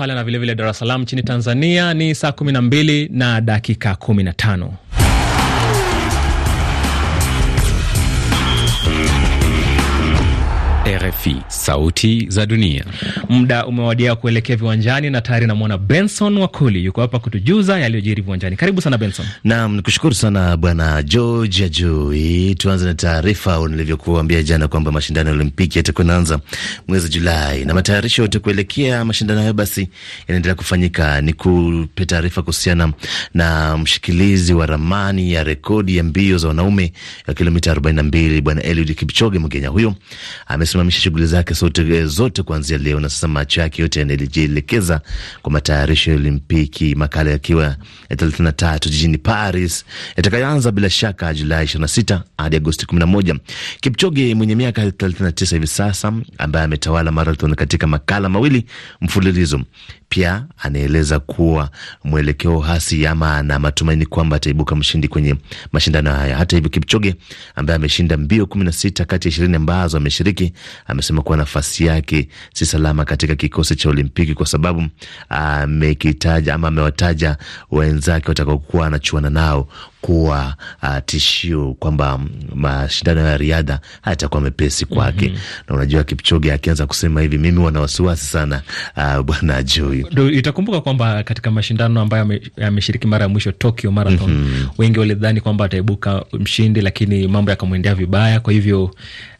Kampala na vilevile Dar es Salaam nchini Tanzania ni saa kumi na mbili na dakika kumi na tano. RFI, sauti za dunia. Muda umewadia kuelekea viwanjani na tayari namwona Benson Wakoli yuko hapa kutujuza yaliyojiri viwanjani. Karibu sana Benson. Naam, nikushukuru sana bwana George Ajui. Tuanze na taarifa nilivyokuambia jana kwamba mashindano ya Olimpiki yatakuwa naanza mwezi Julai na matayarisho yote kuelekea mashindano hayo basi yanaendelea kufanyika. Ni kupe taarifa kuhusiana na mshikilizi wa ramani ya rekodi ya mbio za wanaume ya kilomita 42 bwana Eliud Kipchoge, Mkenya huyo amesema kusimamisha shughuli zake zote, zote kuanzia leo, na sasa macho yake yote yanajielekeza kwa matayarisho ya Olimpiki, makala yakiwa ya 33 jijini Paris yatakayoanza bila shaka Julai 26 hadi Agosti 11. Kipchoge mwenye miaka 39 hivi sasa ambaye ametawala marathon katika makala mawili mfululizo pia anaeleza kuwa mwelekeo hasi ama na matumaini kwamba ataibuka mshindi kwenye mashindano haya. Hata hivyo, Kipchoge ambaye ameshinda mbio kumi na sita kati ya ishirini ambazo ameshiriki amesema kuwa nafasi yake si salama katika kikosi cha Olimpiki kwa sababu amekitaja ama amewataja wenzake watakaokuwa anachuana nao kuwa uh, tishio kwamba mm, mashindano ya riadha hayatakuwa mepesi kwake. mm -hmm. Na unajua Kipchoge akianza kusema hivi, mimi wana wasiwasi sana uh, bwana Joi. itakumbuka kwamba katika mashindano ambayo ameshiriki mara ya mwisho Tokyo Marathon, mm -hmm. wengi walidhani kwamba ataibuka mshindi, lakini mambo yakamwendea vibaya, kwa hivyo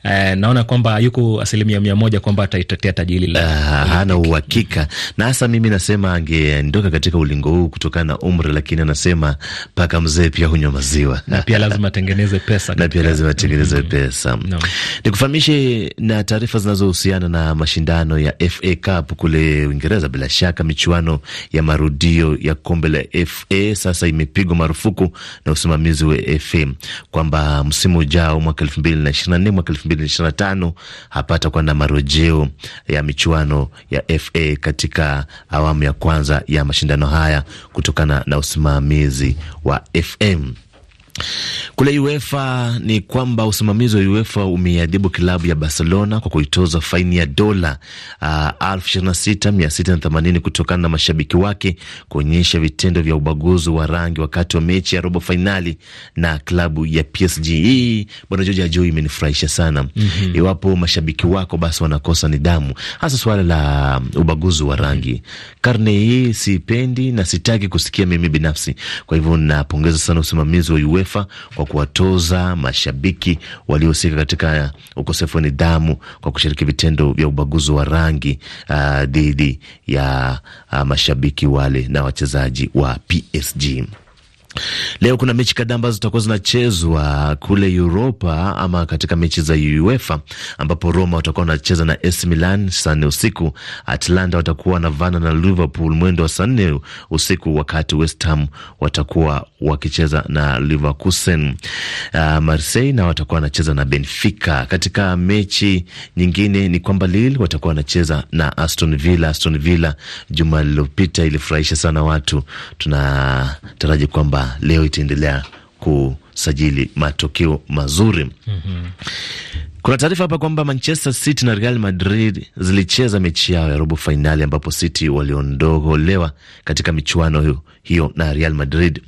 eh, naona kwamba yuko asilimia mia moja kwamba ataitetea taji hili la ah, hana uhakika, mm. na hasa mimi nasema angeondoka katika ulingo huu kutokana na umri, lakini anasema mpaka mzee pia hunywa maziwa na pia lazima atengeneze pesa na pia lazima atengeneze mm -hmm. pesa no. Nikufahamishe na taarifa zinazohusiana na mashindano ya FA Cup kule Uingereza. Bila shaka michuano ya marudio ya kombe la FA sasa imepigwa marufuku na usimamizi wa FA kwamba msimu ujao mwaka elfu mbili na ishirini na nne mwaka elfu 2025 hapata kuwa na marejeo ya michuano ya FA katika awamu ya kwanza ya mashindano haya kutokana na usimamizi wa FM. Kule UEFA ni kwamba usimamizi wa UEFA umeiadhibu klabu ya Barcelona kwa kuitoza faini ya dola ah, elfu ishirini na sita mia sita na themanini kutokana na mashabiki wake kuonyesha vitendo vya ubaguzi wa rangi wakati wa mechi ya robo fainali na klabu ya PSG. Hii bwana Joji Ajoi imenifurahisha sana. mm -hmm. Iwapo mashabiki wako basi wanakosa nidhamu, hasa suala la um, ubaguzi wa rangi. Karne hii siipendi na sitaki kusikia mimi binafsi. Kwa hivyo napongeza sana usimamizi wa UEFA kwa kuwatoza mashabiki waliohusika katika ukosefu wa nidhamu kwa kushiriki vitendo vya ubaguzi wa rangi ah, dhidi ya uh, mashabiki wale na wachezaji wa PSG. Leo kuna mechi kadhaa ambazo zitakuwa zinachezwa kule Uropa ama katika mechi za UEFA ambapo Roma watakuwa wanacheza na AC Milan saa nne usiku, Atlanta watakuwa wanavana na Liverpool mwendo wa saa nne usiku, wakati West Ham watakuwa wakicheza na Leverkusen. Uh, Marseille na watakuwa wanacheza na Benfica. Katika mechi nyingine ni kwamba Lille watakuwa wanacheza na Aston Villa. Aston Villa juma lililopita ilifurahisha sana watu, tunataraji kwamba kwamba leo itaendelea kusajili matokeo mazuri. mm -hmm. Kuna taarifa hapa kwamba Manchester City na Real Madrid zilicheza mechi yao ya robo fainali ambapo City waliondolewa katika michuano hiyo, hiyo na Real Madrid.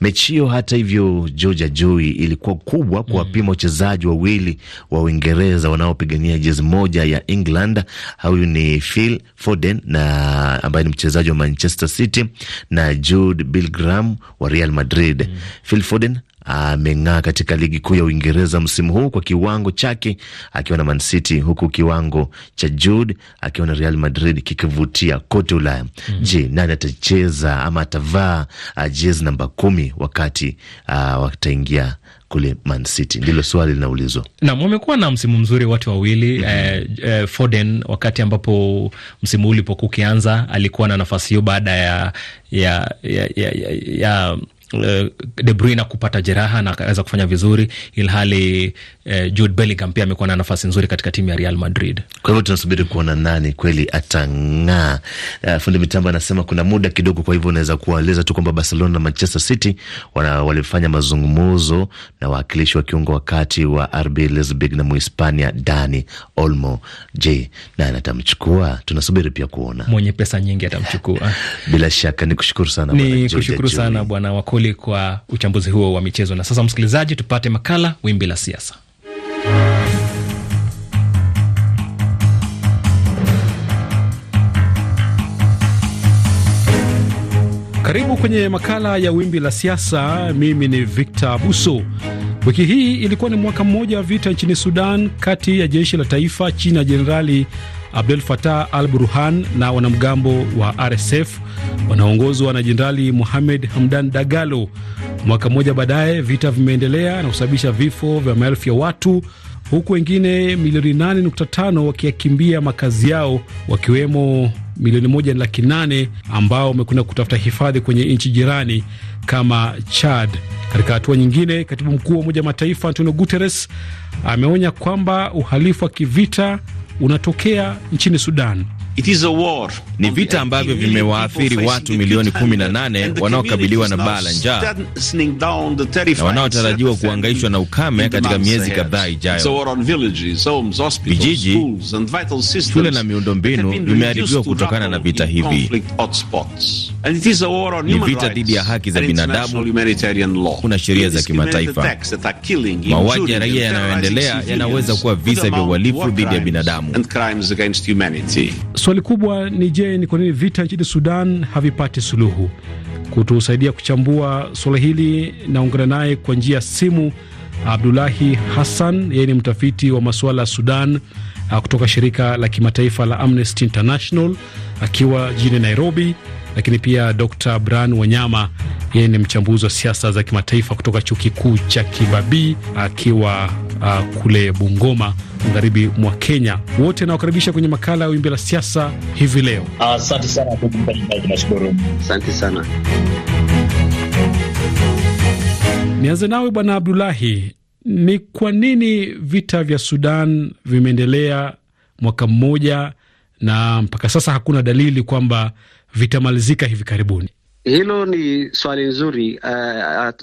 Mechi hiyo hata hivyo, Georgia Joy, ilikuwa kubwa kuwapima wachezaji wawili wa Uingereza wanaopigania jezi moja ya England. Huyu ni Phil Foden na ambaye ni mchezaji wa Manchester City na Jude Bellingham wa Real Madrid. Mm. Phil Foden ameng'aa katika ligi kuu ya Uingereza msimu huu kwa kiwango chake akiwa na Man City, huku kiwango cha Jude akiwa na Real Madrid kikivutia kote Ulaya. Mm -hmm. Je, nani atacheza ama atavaa ah, jezi namba kumi wakati uh, wataingia kule Man City ndilo swali linaulizwa. Nam wamekuwa na msimu mzuri wote wawili. mm -hmm. Eh, eh, Foden wakati ambapo msimu ulipokuwa ukianza alikuwa na nafasi hiyo baada ya ya, ya, ya, ya, ya Uh, De Bruyne kupata jeraha na akaweza kufanya vizuri ilhali uh, Jude Bellingham pia amekuwa na nafasi nzuri katika timu ya Real Madrid. Kwa hivyo tunasubiri kuona nani kweli atang'aa. Uh, fundi mitambo anasema kuna muda kidogo, kwa hivyo unaweza kuwaeleza tu kwamba Barcelona na Manchester City wana, walifanya mazungumzo na wawakilishi wa kiungo wakati wa RB Leipzig na Muhispania Dani Olmo. Je, nani atamchukua? Tunasubiri pia kuona. Mwenye pesa nyingi atamchukua. Bila shaka ni nikushukuru sana bwana Mkuli kwa uchambuzi huo wa michezo. Na sasa, msikilizaji, tupate makala Wimbi la Siasa. Karibu kwenye makala ya Wimbi la Siasa. Mimi ni Victor Abuso. Wiki hii ilikuwa ni mwaka mmoja wa vita nchini Sudan kati ya jeshi la taifa chini ya Jenerali Abdel Fattah al Burhan na wanamgambo wa RSF wanaongozwa na Jenerali muhamed Hamdan Dagalo. Mwaka mmoja baadaye, vita vimeendelea na kusababisha vifo vya maelfu ya watu huku wengine milioni 8.5 wakiyakimbia makazi yao wakiwemo milioni moja na laki nane ambao wamekwenda kutafuta hifadhi kwenye nchi jirani kama Chad. Katika hatua nyingine, katibu mkuu wa Umoja wa Mataifa Antonio Guterres ameonya kwamba uhalifu wa kivita unatokea nchini Sudan. It is a war. Ni vita ambavyo vimewaathiri watu milioni 18 wanaokabiliwa na baa la njaa na wanaotarajiwa kuangaishwa na ukame katika miezi kadhaa ijayo. Vijiji, shule na miundombinu vimeharibiwa kutokana na vita hivi ni vita dhidi ya haki za binadamu. Kuna sheria za kimataifa. Mauaji ya raia yanayoendelea yanaweza kuwa visa vya uhalifu dhidi ya binadamu. Swali kubwa ni je, ni kwa nini vita nchini Sudan havipati suluhu? Kutusaidia kuchambua suala hili, naungana naye kwa njia ya simu Abdulahi Hassan, yeye ni mtafiti wa masuala ya Sudan kutoka shirika la kimataifa la Amnesty International akiwa jijini Nairobi lakini pia Dr. bran Wanyama, yeye ni mchambuzi wa siasa za kimataifa kutoka chuo kikuu cha Kibabii akiwa uh, kule Bungoma magharibi mwa Kenya. Wote nawakaribisha kwenye makala ya wimbi la siasa hivi leo. Asante uh, sana. Nashukuru, asante sana. Nianze nawe Bwana Abdulahi, ni kwa nini vita vya Sudan vimeendelea mwaka mmoja na mpaka sasa hakuna dalili kwamba vitamalizika hivi karibuni? Hilo ni swali nzuri, eh,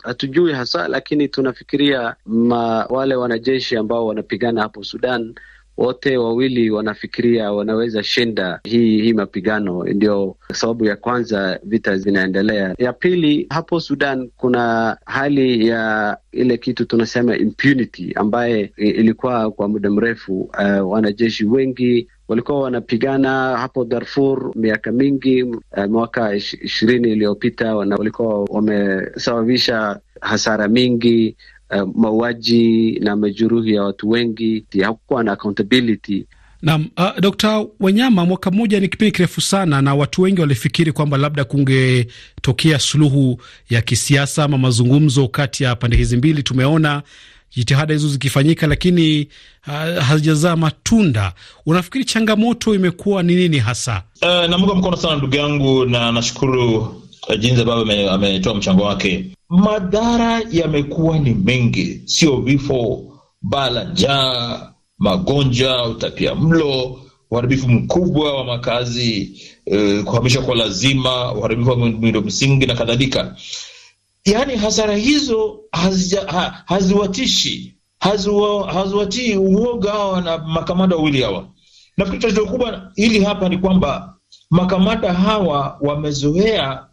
hatujui uh, hasa lakini tunafikiria ma, wale wanajeshi ambao wanapigana hapo Sudan wote wawili wanafikiria wanaweza shinda hii hii mapigano. Ndio sababu ya kwanza vita zinaendelea. Ya pili, hapo Sudan kuna hali ya ile kitu tunasema impunity ambaye ilikuwa kwa muda mrefu. Uh, wanajeshi wengi walikuwa wanapigana hapo Darfur miaka mingi, eh, mwaka ishirini iliyopita walikuwa wamesababisha hasara mingi, uh, mauaji na majeruhi ya watu wengi. Hakukuwa na accountability. Naam, uh, ah, Dr. Wanyama, mwaka mmoja ni kipindi kirefu sana, na watu wengi walifikiri kwamba labda kungetokea suluhu ya kisiasa ama mazungumzo kati ya pande hizi mbili. Tumeona jitihada hizo zikifanyika, lakini uh, hazijazaa matunda. Unafikiri changamoto imekuwa ni nini hasa? Uh, namunga mkono sana ndugu yangu, na nashukuru uh, jinsi ambavyo ametoa mchango wake. Madhara yamekuwa ni mengi, sio vifo, bala njaa, magonjwa, utapia mlo, uharibifu mkubwa wa makazi, uh, kuhamisha kwa lazima, uharibifu wa miundo msingi na kadhalika. Yaani hasara hizo haziwatishi haziwatii uoga hawa na makamanda wawili hawa. Nafikiri tatizo kubwa hili hapa ni kwamba makamanda hawa wamezoea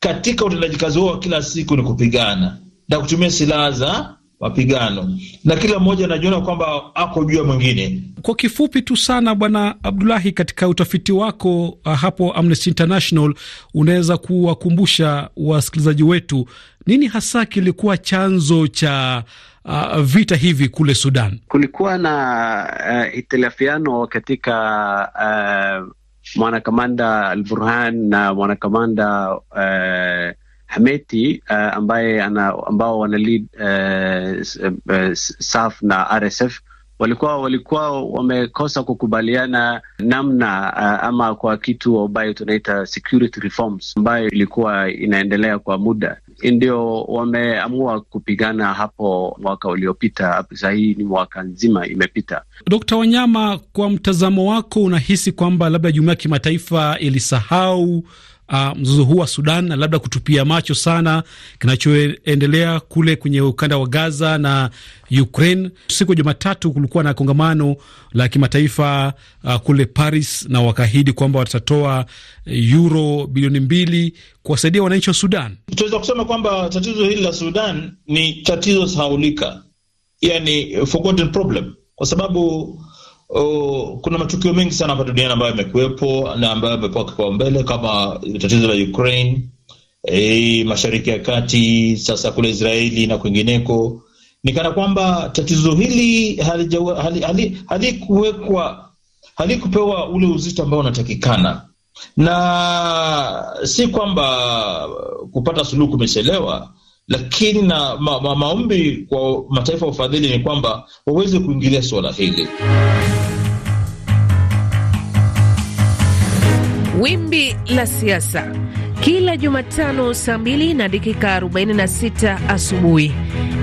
katika utendaji kazi wao wa kila siku ni kupigana na kutumia silaha za mapigano na kila mmoja anajiona kwamba ako juu ya mwingine. Kwa kifupi tu sana, Bwana Abdulahi, katika utafiti wako uh, hapo Amnesty International, unaweza kuwakumbusha wasikilizaji wetu nini hasa kilikuwa chanzo cha uh, vita hivi kule Sudan? Kulikuwa na uh, itilafiano katika uh, mwanakamanda Al Burhan na mwanakamanda uh, Hameti uh, ambaye ana, ambao wana lead uh, eh, uh, eh, SAF na RSF walikuwa walikuwa wamekosa kukubaliana namna uh, ama kwa kitu ambayo tunaita security reforms ambayo ilikuwa inaendelea kwa muda, ndio wameamua kupigana hapo mwaka uliopita. Saa hii ni mwaka nzima imepita. Dkt. Wanyama, kwa mtazamo wako, unahisi kwamba labda jumuiya ya kimataifa ilisahau uh, mzozo huu wa Sudan na labda kutupia macho sana kinachoendelea kule kwenye ukanda wa Gaza na Ukraine. Siku ya Jumatatu kulikuwa na kongamano la kimataifa uh, kule Paris, na wakaahidi kwamba watatoa eh, euro bilioni mbili kuwasaidia wananchi wa Sudan. Tunaweza kusema kwamba tatizo hili la Sudan ni tatizo sahaulika, yani forgotten problem, kwa sababu Oh, kuna matukio mengi sana hapa duniani ambayo yamekuwepo na ambayo yamepewa kipaumbele kama tatizo la Ukraine, e, Mashariki ya Kati, sasa kule Israeli na kwingineko. Nikana kwamba tatizo hili halikuwekwa hali, hali, hali halikupewa ule uzito ambao unatakikana, na si kwamba kupata suluhu kumechelewa, lakini na ma, ma, maombi kwa mataifa ya ufadhili ni kwamba waweze kuingilia suala hili. Wimbi la siasa kila Jumatano saa mbili na dakika 46 asubuhi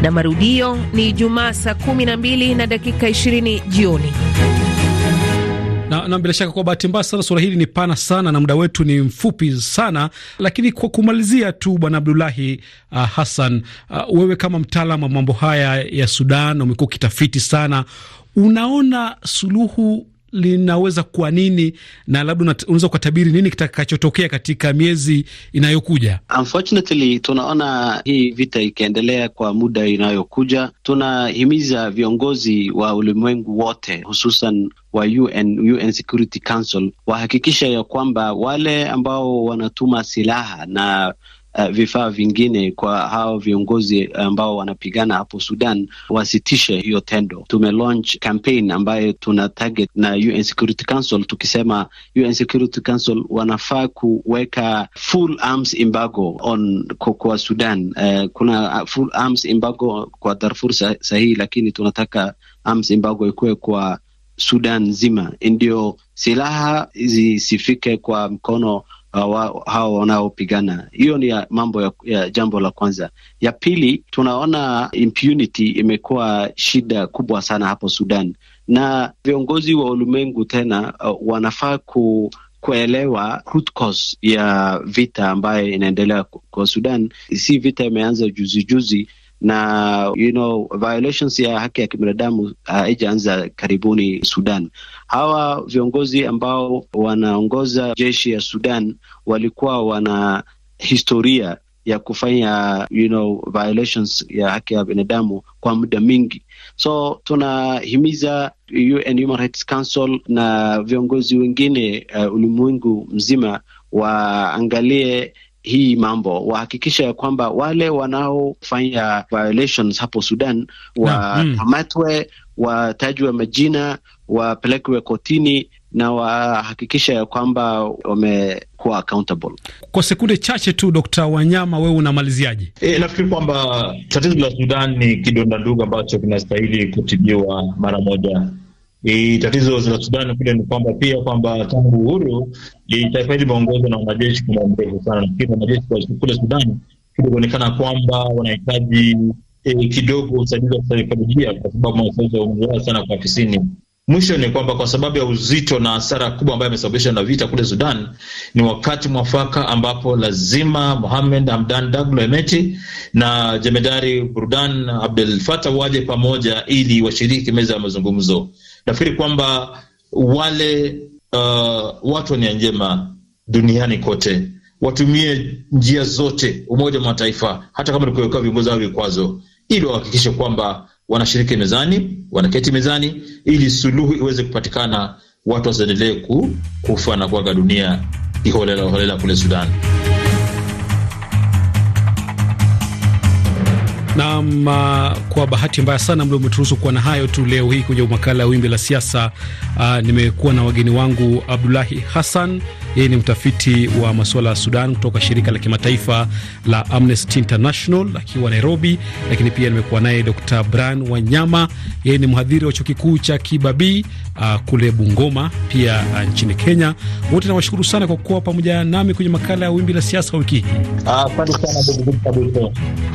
na marudio ni Ijumaa saa 12 na dakika 20 jioni. Na, na bila shaka kwa bahati mbaya sana suala hili ni pana sana na muda wetu ni mfupi sana, lakini kwa kumalizia tu Bwana Abdulahi uh, Hassan uh, wewe kama mtaalamu wa mambo haya ya Sudan umekuwa ukitafiti sana, unaona suluhu linaweza kuwa nini, na labda unaweza kutabiri nini kitakachotokea katika miezi inayokuja? Unfortunately, tunaona hii vita ikiendelea kwa muda inayokuja. Tunahimiza viongozi wa ulimwengu wote, hususan wa UN, UN Security Council wahakikisha ya kwamba wale ambao wanatuma silaha na uh, vifaa vingine kwa hawa viongozi ambao wanapigana hapo Sudan wasitishe hiyo tendo. Tume launch campaign ambayo tuna target na UN Security Council, tukisema UN Security Council wanafaa kuweka full arms embargo on kwa Sudan. Uh, kuna full arms embargo kwa Darfur sahihi, lakini tunataka arms embargo ikuwe kwa Sudan nzima, ndio silaha zisifike kwa mkono hawa uh, wanaopigana. Hiyo ni ya mambo ya, ya jambo la kwanza. Ya pili, tunaona impunity imekuwa shida kubwa sana hapo Sudan, na viongozi wa ulimwengu tena uh, wanafaa ku kuelewa root cause ya vita ambayo inaendelea kwa Sudan. Si vita imeanza juzijuzi juzi, na you know, violations ya haki ya kibinadamu uh, haijaanza uh, karibuni Sudan. Hawa viongozi ambao wanaongoza jeshi ya Sudan walikuwa wana historia ya kufanya you know, violations ya haki ya binadamu kwa muda mingi. So tunahimiza UN Human Rights Council na viongozi wengine uh, ulimwengu mzima waangalie hii mambo wahakikisha ya kwamba wale wanaofanya violations hapo Sudan wakamatwe, mm. watajwe majina, wapelekwe kotini na wahakikisha ya kwamba wamekuwa accountable. Kwa sekunde chache tu, d Wanyama, wewe unamaliziaje? E, nafikiri kwamba tatizo la Sudan ni kidonda ndugu ambacho kinastahili kutibiwa mara moja. E, tatizo la Sudani kule ni kwamba pia kwamba tangu uhuru taifa hili limeongozwa na wanajeshi kwa muda mrefu sana. Nafikiri wanajeshi kule Sudani kuonekana kwamba wanahitaji e, kidogo usaidizi wa kisaikolojia kwa sababu mafunzo wamezoea sana kwa afisini. Mwisho ni kwamba kwa sababu ya uzito na hasara kubwa ambayo imesababishwa na vita kule Sudan, ni wakati mwafaka ambapo lazima Mohamed Hamdan Daglo Emeti na jemedari Burdan Abdel Fattah waje pamoja ili washiriki meza ya mazungumzo. Nafikiri kwamba wale uh, watu wa nia njema duniani kote watumie njia zote, Umoja wa Mataifa, hata kama ni kuwekewa viongozi hao vikwazo, ili wahakikishe kwamba wanashiriki mezani, wanaketi mezani, ili suluhu iweze kupatikana, watu wasiendelee kufa na kuaga dunia iholela holela kule Sudan. nam uh, kwa bahati mbaya sana mlo umeturuhusu kuwa na hayo tu leo hii kwenye makala ya wimbi la siasa. Uh, nimekuwa na wageni wangu Abdulahi Hassan yeye ni mtafiti wa masuala ya Sudan kutoka shirika la kimataifa la Amnesty International akiwa Nairobi. Lakini pia nimekuwa naye Dr bran Wanyama, yeye ni mhadhiri wa chuo kikuu cha Kibabii uh, kule Bungoma pia uh, nchini Kenya. Wote nawashukuru sana kwa kuwa pamoja nami kwenye makala ya Wimbi la Siasa wiki hii.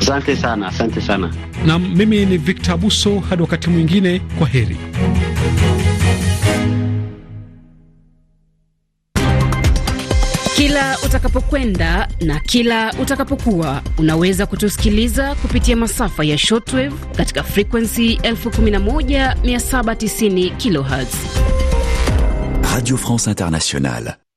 Asante sana, asante sana, asante sana. Na mimi ni Victor Abuso, hadi wakati mwingine, kwa heri. Kila utakapokwenda na kila utakapokuwa unaweza kutusikiliza kupitia masafa ya shortwave katika frequency 11790 kHz. Radio France Internationale.